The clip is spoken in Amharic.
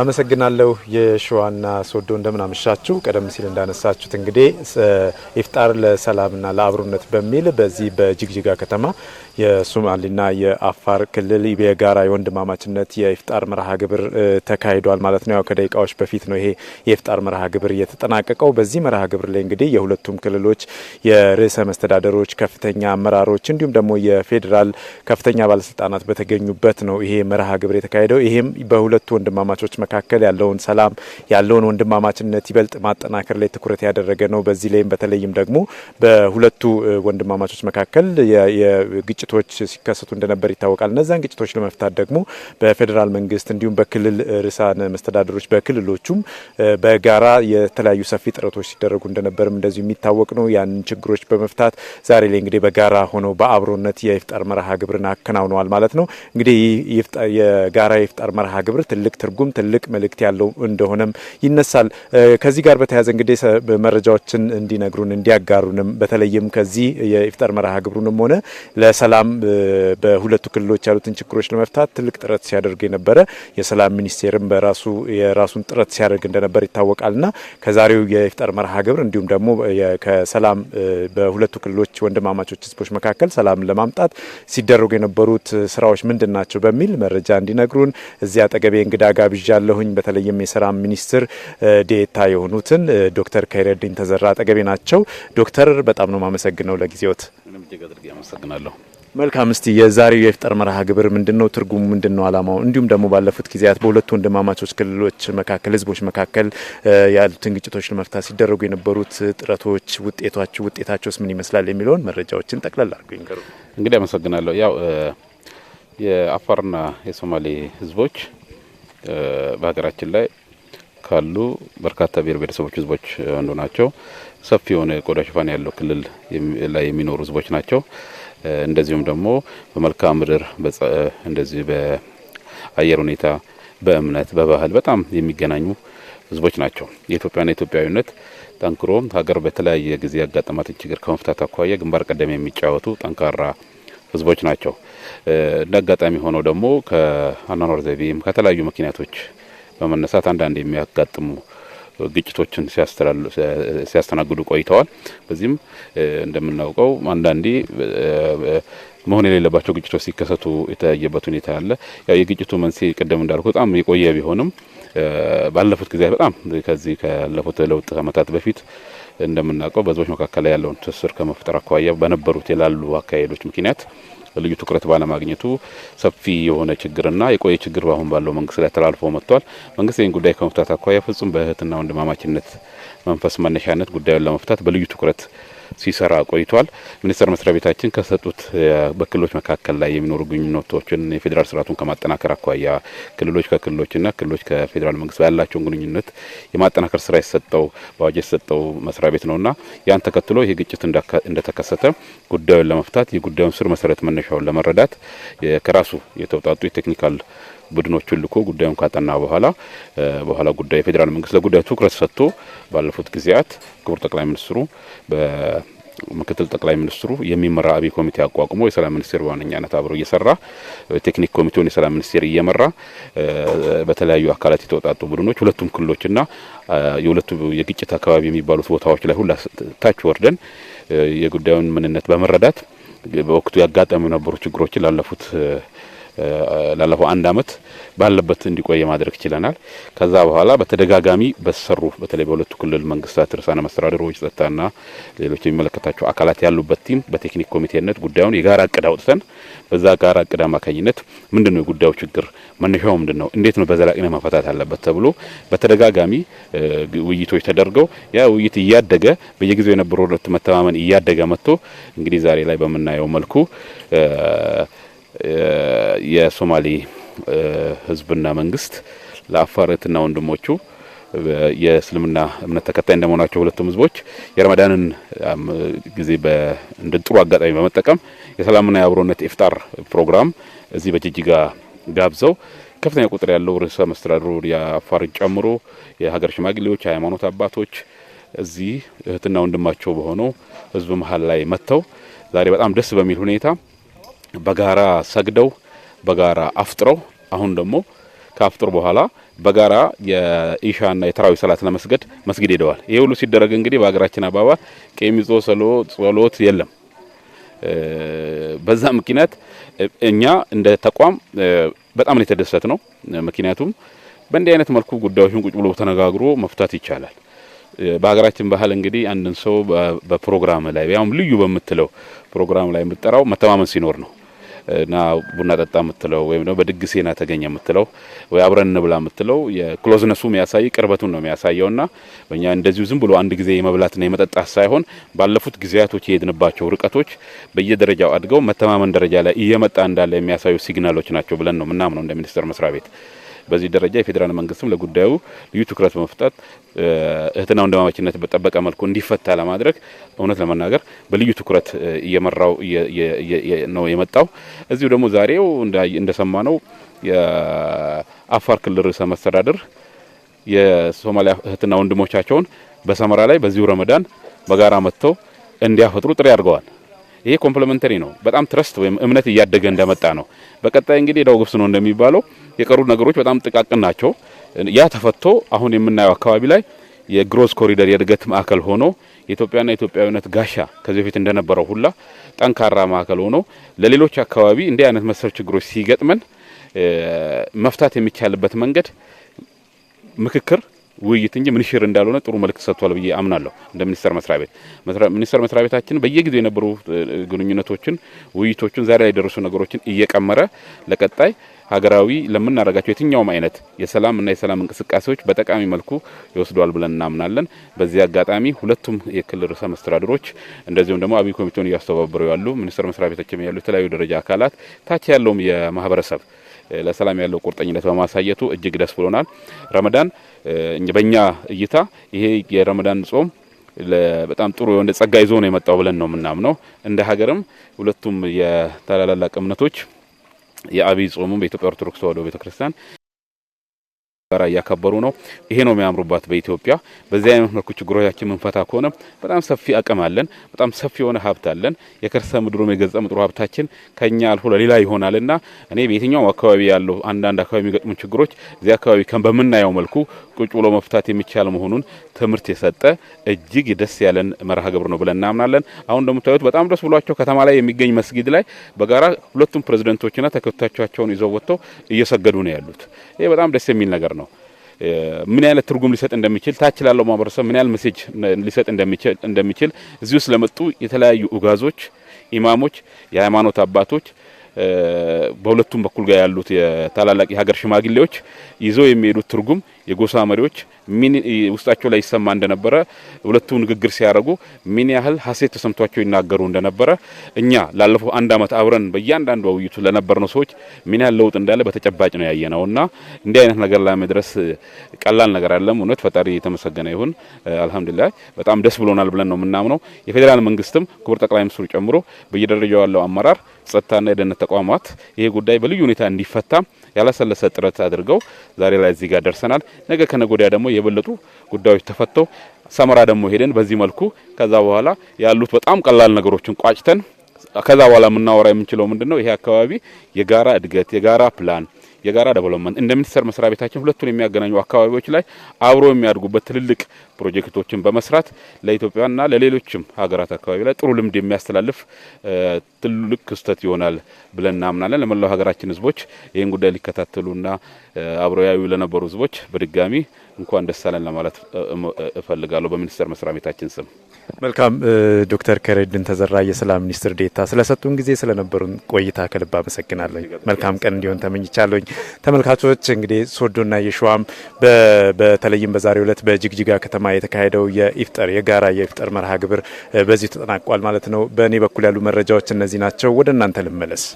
አመሰግናለሁ። የሸዋና ሶዶ አመሻችሁ ቀደም ሲል እንዳነሳችሁት እንግዲህ ኢፍጣር ለሰላምና ለአብሮነት በሚል በዚህ በጅግጅጋ ከተማ የሶማሌና የአፋር ክልል የጋራ የወንድማማችነት የኢፍጣር መርሃ ግብር ተካሂዷል ማለት ነው። ያው ከደቂቃዎች በፊት ነው ይሄ የኢፍጣር መርሃ ግብር የተጠናቀቀው። በዚህ መርሃ ግብር ላይ እንግዲህ የሁለቱም ክልሎች የርዕሰ መስተዳደሮች፣ ከፍተኛ አመራሮች እንዲሁም ደግሞ የፌዴራል ከፍተኛ ባለስልጣናት በተገኙበት ነው ይሄ መርሃ ግብር የተካሄደው። ይሄም በሁለቱ ወንድማማቾች መካከል ያለውን ሰላም ያለውን ወንድማማችነት ይበልጥ ማጠናከር ላይ ትኩረት ያደረገ ነው። በዚህ ላይም በተለይም ደግሞ በሁለቱ ወንድማማቾች መካከል ግጭቶች ሲከሰቱ እንደነበር ይታወቃል። እነዚያን ግጭቶች ለመፍታት ደግሞ በፌዴራል መንግስት እንዲሁም በክልል ርዕሳነ መስተዳደሮች በክልሎቹም በጋራ የተለያዩ ሰፊ ጥረቶች ሲደረጉ እንደነበርም እንደዚሁ የሚታወቅ ነው። ያንን ችግሮች በመፍታት ዛሬ ላይ እንግዲህ በጋራ ሆነው በአብሮነት የኢፍጣር መርሃ ግብርን አከናውነዋል ማለት ነው። እንግዲህ የጋራ የኢፍጣር መርሃ ግብር ትልቅ ትርጉም ትልቅ ትልቅ መልእክት ያለው እንደሆነም ይነሳል። ከዚህ ጋር በተያያዘ እንግዲህ መረጃዎችን እንዲነግሩን እንዲያጋሩንም በተለይም ከዚህ የኢፍጣር መርሃ ግብሩንም ሆነ ለሰላም በሁለቱ ክልሎች ያሉትን ችግሮች ለመፍታት ትልቅ ጥረት ሲያደርግ የነበረ የሰላም ሚኒስቴርም በራሱ የራሱን ጥረት ሲያደርግ እንደነበር ና ከዛሬው የኢፍጣር መርሃ ግብር እንዲሁም ደግሞ ከሰላም በሁለቱ ክልሎች ወንድማማቾች ህዝቦች መካከል ሰላም ለማምጣት ሲደረጉ የነበሩት ስራዎች ምንድን ናቸው በሚል መረጃ እንዲነግሩን እዚያ አጠገቤ እንግዳ ጋብዣለሁ። አለሁኝ። በተለይም የስራ ሚኒስትር ዴታ የሆኑትን ዶክተር ከይረዲን ተዘራ አጠገቤ ናቸው። ዶክተር በጣም ነው ማመሰግነው ለጊዜዎት። አመሰግናለሁ። መልካም። እስቲ የዛሬው የፍጠር መርሃ ግብር ምንድነው? ትርጉሙ ምንድነው? አላማው እንዲሁም ደግሞ ባለፉት ጊዜያት በሁለቱ ወንድማማቾች ክልሎች መካከል ህዝቦች መካከል ያሉትን ግጭቶች ለመፍታት ሲደረጉ የነበሩት ጥረቶች ውጤቷቸው ውጤታቸውስ ምን ይመስላል የሚለውን መረጃዎችን ጠቅላላ አድርጉ ይንገሩ። እንግዲህ አመሰግናለሁ። ያው የአፋርና የሶማሌ ህዝቦች በሀገራችን ላይ ካሉ በርካታ ብሔር ብሔረሰቦች ህዝቦች አንዱ ናቸው። ሰፊ የሆነ ቆዳ ሽፋን ያለው ክልል ላይ የሚኖሩ ህዝቦች ናቸው። እንደዚሁም ደግሞ በመልክዓ ምድር እንደዚህ በአየር ሁኔታ፣ በእምነት፣ በባህል በጣም የሚገናኙ ህዝቦች ናቸው። የኢትዮጵያና ኢትዮጵያዊነት ጠንክሮ ሀገር በተለያየ ጊዜ ያጋጠማትን ችግር ከመፍታት አኳያ ግንባር ቀደም የሚጫወቱ ጠንካራ ህዝቦች ናቸው። እንደ አጋጣሚ ሆነው ደግሞ ከአኗኗር ዘይቤም ከተለያዩ ምክንያቶች በመነሳት አንዳንድ የሚያጋጥሙ ግጭቶችን ሲያስተናግዱ ቆይተዋል። በዚህም እንደምናውቀው አንዳንዴ መሆን የሌለባቸው ግጭቶች ሲከሰቱ የተለያየበት ሁኔታ አለ። ያው የግጭቱ መንስኤ ቅድም እንዳልኩ በጣም የቆየ ቢሆንም ባለፉት ጊዜያት በጣም ከዚህ ካለፉት ለውጥ ዓመታት በፊት እንደምናውቀው በህዝቦች መካከል ያለውን ትስስር ከመፍጠር አኳያ በነበሩት የላሉ አካሄዶች ምክንያት ልዩ ትኩረት ባለማግኘቱ ሰፊ የሆነ ችግርና የቆየ ችግር አሁን ባለው መንግስት ላይ ተላልፎ መጥቷል። መንግስት ይህን ጉዳይ ከመፍታት አኳያ ፍጹም በእህትና ወንድማማችነት መንፈስ መነሻነት ጉዳዩን ለመፍታት በልዩ ትኩረት ሲሰራ ቆይቷል። ሚኒስቴር መስሪያ ቤታችን ከሰጡት በክልሎች መካከል ላይ የሚኖሩ ግንኙነቶችን የፌዴራል ስርዓቱን ከማጠናከር አኳያ ክልሎች ከክልሎችና ክልሎች ከፌዴራል መንግስት ያላቸውን ግንኙነት የማጠናከር ስራ የሰጠው በአዋጅ የተሰጠው መስሪያ ቤት ነውና ያን ተከትሎ ይህ ግጭት እንደተከሰተ ጉዳዩን ለመፍታት የጉዳዩን ስር መሰረት መነሻውን ለመረዳት ከራሱ የተውጣጡ የቴክኒካል ቡድኖቹን ልኮ ጉዳዩን ካጠና በኋላ በኋላ ጉዳዩ የፌዴራል መንግስት ለጉዳዩ ትኩረት ሰጥቶ ባለፉት ጊዜያት ክቡር ጠቅላይ ሚኒስትሩ ምክትል ጠቅላይ ሚኒስትሩ የሚመራ አብይ ኮሚቴ አቋቁሞ የሰላም ሚኒስቴር በዋነኛነት አብሮ እየሰራ ቴክኒክ ኮሚቴውን የሰላም ሚኒስቴር እየመራ በተለያዩ አካላት የተወጣጡ ቡድኖች ሁለቱም ክልሎችና የሁለቱ የግጭት አካባቢ የሚባሉት ቦታዎች ላይ ሁላ ታች ወርደን የጉዳዩን ምንነት በመረዳት በወቅቱ ያጋጠሙ የነበሩ ችግሮችን ላለፉት ላለፈው አንድ አመት ባለበት እንዲቆየ ማድረግ ችለናል። ከዛ በኋላ በተደጋጋሚ በሰሩ በተለይ በሁለቱ ክልል መንግስታት ርዕሳነ መስተዳድሮች፣ ጸጥታና ሌሎች የሚመለከታቸው አካላት ያሉበት ቲም በቴክኒክ ኮሚቴነት ጉዳዩን የጋራ እቅድ አውጥተን በዛ ጋራ እቅድ አማካኝነት ምንድን ነው የጉዳዩ ችግር መነሻው ምንድን ነው፣ እንዴት ነው በዘላቂነት መፈታት አለበት ተብሎ በተደጋጋሚ ውይይቶች ተደርገው ያ ውይይት እያደገ በየጊዜው የነበረው መተማመን እያደገ መጥቶ እንግዲህ ዛሬ ላይ በምናየው መልኩ የሶማሌ ህዝብና መንግስት ለአፋር እህትና ወንድሞቹ የእስልምና እምነት ተከታይ እንደመሆናቸው ሁለቱም ህዝቦች የረመዳንን ጊዜ እንደ ጥሩ አጋጣሚ በመጠቀም የሰላምና የአብሮነት ኢፍጣር ፕሮግራም እዚህ በጅጅጋ ጋብዘው ከፍተኛ ቁጥር ያለው ርዕሰ መስተዳድሩ የአፋርን ጨምሮ የሀገር ሽማግሌዎች፣ የሃይማኖት አባቶች እዚህ እህትና ወንድማቸው በሆነው ህዝብ መሀል ላይ መጥተው ዛሬ በጣም ደስ በሚል ሁኔታ በጋራ ሰግደው በጋራ አፍጥረው አሁን ደግሞ ከአፍጥር በኋላ በጋራ የኢሻና የተራዊ ሰላት ለመስገድ መስጊድ ሄደዋል። ይሄ ሁሉ ሲደረግ እንግዲህ በሀገራችን አባባል ቄሚጾ ጸሎት የለም። በዛ ምክንያት እኛ እንደ ተቋም በጣም የተደሰት ነው። ምክንያቱም በእንዲህ አይነት መልኩ ጉዳዮችን ቁጭ ብሎ ተነጋግሮ መፍታት ይቻላል። በሀገራችን ባህል እንግዲህ አንድን ሰው በፕሮግራም ላይ ያውም ልዩ በምትለው ፕሮግራም ላይ የምጠራው መተማመን ሲኖር ነው እና ቡና ጠጣ የምትለው ወይም ደግሞ በድግሴና ተገኘ የምትለው ወይ አብረን እንብላ የምትለው የክሎዝነሱ የሚያሳይ ቅርበቱን ነው የሚያሳየው። ና በእኛ እንደዚሁ ዝም ብሎ አንድ ጊዜ የመብላትና የመጠጣት ሳይሆን ባለፉት ጊዜያቶች የሄድንባቸው ርቀቶች በየደረጃው አድገው መተማመን ደረጃ ላይ እየመጣ እንዳለ የሚያሳዩ ሲግናሎች ናቸው ብለን ነው ምናምነው እንደ ሚኒስቴር መስሪያ ቤት በዚህ ደረጃ የፌዴራል መንግስትም ለጉዳዩ ልዩ ትኩረት በመፍጣት እህትና ወንድማማችነት በጠበቀ መልኩ እንዲፈታ ለማድረግ እውነት ለመናገር በልዩ ትኩረት እየመራው ነው የመጣው። እዚሁ ደግሞ ዛሬው እንደሰማነው የአፋር ክልል ርዕሰ መስተዳድር የሶማሊያ እህትና ወንድሞቻቸውን በሰመራ ላይ በዚሁ ረመዳን በጋራ መጥተው እንዲያፈጥሩ ጥሪ አድርገዋል። ይሄ ኮምፕሊመንተሪ ነው። በጣም ትረስት ወይም እምነት እያደገ እንደመጣ ነው። በቀጣይ እንግዲህ ዳው ግብስ ነው እንደሚባለው የቀሩ ነገሮች በጣም ጥቃቅን ናቸው። ያ ተፈቶ አሁን የምናየው አካባቢ ላይ የግሮዝ ኮሪደር የእድገት ማዕከል ሆኖ የኢትዮጵያና የኢትዮጵያዊነት ጋሻ ከዚህ በፊት እንደነበረው ሁላ ጠንካራ ማዕከል ሆኖ ለሌሎች አካባቢ እንዲህ አይነት መሰል ችግሮች ሲገጥመን መፍታት የሚቻልበት መንገድ ምክክር፣ ውይይት እንጂ ምንሽር እንዳልሆነ ጥሩ መልእክት ሰጥቷል ብዬ አምናለሁ። እንደ ሚኒስቴር መስሪያ ቤት ሚኒስቴር መስሪያ ቤታችን በየጊዜው የነበሩ ግንኙነቶችን፣ ውይይቶችን ዛሬ ላይ የደረሱ ነገሮችን እየቀመረ ለቀጣይ ሀገራዊ ለምናደርጋቸው የትኛውም አይነት የሰላም እና የሰላም እንቅስቃሴዎች በጠቃሚ መልኩ ይወስዷል ብለን እናምናለን። በዚህ አጋጣሚ ሁለቱም የክልል ርዕሰ መስተዳድሮች እንደዚሁም ደግሞ አብይ ኮሚቴውን እያስተባበሩ ያሉ ሚኒስቴር መስሪያ ቤቶችም ያሉ የተለያዩ ደረጃ አካላት ታች ያለውም የማህበረሰብ ለሰላም ያለው ቁርጠኝነት በማሳየቱ እጅግ ደስ ብሎናል። ረመዳን በእኛ እይታ ይሄ የረመዳን ጾም በጣም ጥሩ የሆነ ጸጋ ይዞ ነው የመጣው ብለን ነው የምናምነው። እንደ ሀገርም ሁለቱም የታላላቅ እምነቶች የአብይ ጾሙም በኢትዮጵያ ኦርቶዶክስ ተዋህዶ ቤተክርስቲያን ጋራ እያከበሩ ነው። ይሄ ነው የሚያምሩባት በኢትዮጵያ። በዚህ አይነት መልኩ ችግሮቻችን ምንፈታ ከሆነ በጣም ሰፊ አቅም አለን፣ በጣም ሰፊ የሆነ ሀብት አለን። የከርሰ ምድሩም የገጸ ምድሩ ሀብታችን ከኛ አልፎ ለሌላ ይሆናል እና እኔ በየትኛውም አካባቢ ያለው አንዳንድ አካባቢ የሚገጥሙ ችግሮች እዚህ አካባቢ በምናየው መልኩ ቁጭ ብሎ መፍታት የሚቻል መሆኑን ትምህርት የሰጠ እጅግ ደስ ያለን መርሃ ግብር ነው ብለን እናምናለን። አሁን እንደምታዩት በጣም ደስ ብሏቸው ከተማ ላይ የሚገኝ መስጊድ ላይ በጋራ ሁለቱም ፕሬዝደንቶችና ተከታዮቻቸውን ይዘው ወጥተው እየሰገዱ ነው ያሉት። ይሄ በጣም ደስ የሚል ነገር ነው። ምን አይነት ትርጉም ሊሰጥ እንደሚችል ታች ላለው ማህበረሰብ ምን ያህል መሴጅ ሊሰጥ እንደሚችል እዚህ ውስጥ ለመጡ የተለያዩ ኡጋዞች፣ ኢማሞች፣ የሃይማኖት አባቶች በሁለቱም በኩል ጋር ያሉት የታላላቅ የሀገር ሽማግሌዎች ይዘው የሚሄዱት ትርጉም የጎሳ መሪዎች ምን ውስጣቸው ላይ ይሰማ እንደነበረ ሁለቱ ንግግር ሲያደርጉ ምን ያህል ሀሴት ተሰምቷቸው ይናገሩ እንደነበረ እኛ ላለፈው አንድ ዓመት አብረን በእያንዳንዱ ውይይቱ ለነበርነው ሰዎች ምን ያህል ለውጥ እንዳለ በተጨባጭ ነው ነው እና እንዲህ አይነት ነገር ላይ መድረስ ቀላል ነገር አለም። እውነት ፈጣሪ የተመሰገነ ይሁን። አልሐምዱሊላህ በጣም ደስ ብሎናል ብለን ነው የምናምነው። የፌዴራል መንግስትም ክቡር ጠቅላይ ሚኒስትሩ ጨምሮ በየደረጃው ያለው አመራር፣ ጸጥታና የደህንነት ተቋማት ይሄ ጉዳይ በልዩ ሁኔታ እንዲፈታ ያላሰለሰ ጥረት አድርገው ዛሬ ላይ እዚህ ጋር ደርሰናል። ነገ ከነጎዲያ ደግሞ የበለጡ ጉዳዮች ተፈተው ሰመራ ደግሞ ሄደን በዚህ መልኩ ከዛ በኋላ ያሉት በጣም ቀላል ነገሮችን ቋጭተን ከዛ በኋላ የምናወራ የምንችለው ምንድነው ይሄ አካባቢ የጋራ እድገት፣ የጋራ ፕላን፣ የጋራ ዴቨሎፕመንት እንደ ሚኒስቴር መስሪያ ቤታችን ሁለቱን የሚያገናኙ አካባቢዎች ላይ አብሮ የሚያድጉበት ትልልቅ ፕሮጀክቶችን በመስራት ለኢትዮጵያና ለሌሎችም ሀገራት አካባቢ ላይ ጥሩ ልምድ የሚያስተላልፍ ትልቅ ክስተት ይሆናል ብለን እናምናለን። ለመላው ሀገራችን ህዝቦች ይህን ጉዳይ ሊከታተሉና አብረው ያዩ ለነበሩ ህዝቦች በድጋሚ እንኳን ደስ አለን ለማለት እፈልጋለሁ በሚኒስቴር መስሪያ ቤታችን ስም። መልካም ዶክተር ከረድን ተዘራ የሰላም ሚኒስትር ዴታ ስለሰጡን ጊዜ ስለነበሩን ቆይታ ከልብ አመሰግናለኝ። መልካም ቀን እንዲሆን ተመኝቻለኝ። ተመልካቾች እንግዲህ ሶዶና የሸዋም በተለይም በዛሬው ዕለት በጅግጅጋ ከተማ ከተማ የተካሄደው የኢፍጠር የጋራ የኢፍጠር መርሃ ግብር በዚሁ ተጠናቋል ማለት ነው። በእኔ በኩል ያሉ መረጃዎች እነዚህ ናቸው። ወደ እናንተ ልመለስ።